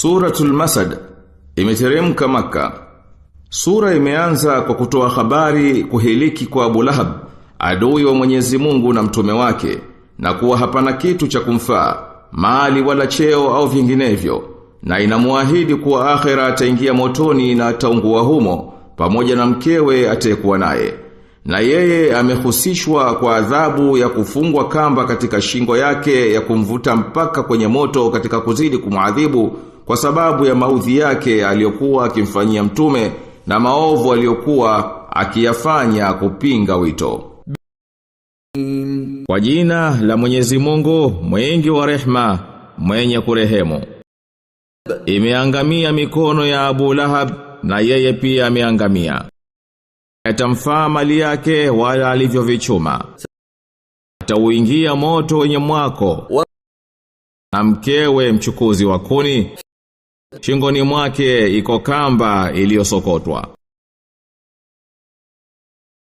Suratul Masad imeteremka maka. Sura imeanza kwa kutoa habari kuhiliki kwa Abu Lahab, adui wa Mwenyezi Mungu na mtume wake, na kuwa hapana kitu cha kumfaa, mali wala cheo au vinginevyo, na inamuahidi kuwa akhera ataingia motoni na ataungua humo pamoja na mkewe atayekuwa naye. Na yeye amehusishwa kwa adhabu ya kufungwa kamba katika shingo yake ya kumvuta mpaka kwenye moto katika kuzidi kumwadhibu kwa sababu ya maudhi yake aliyokuwa akimfanyia mtume na maovu aliyokuwa akiyafanya kupinga wito. Kwa jina la Mwenyezi Mungu, mwingi wa rehma, mwenye kurehemu. Imeangamia mikono ya Abu Lahab na yeye pia ameangamia. atamfaa mali yake wala alivyovichuma. Atauingia moto wenye mwako na mkewe mchukuzi wa kuni. Shingoni mwake iko kamba iliyosokotwa.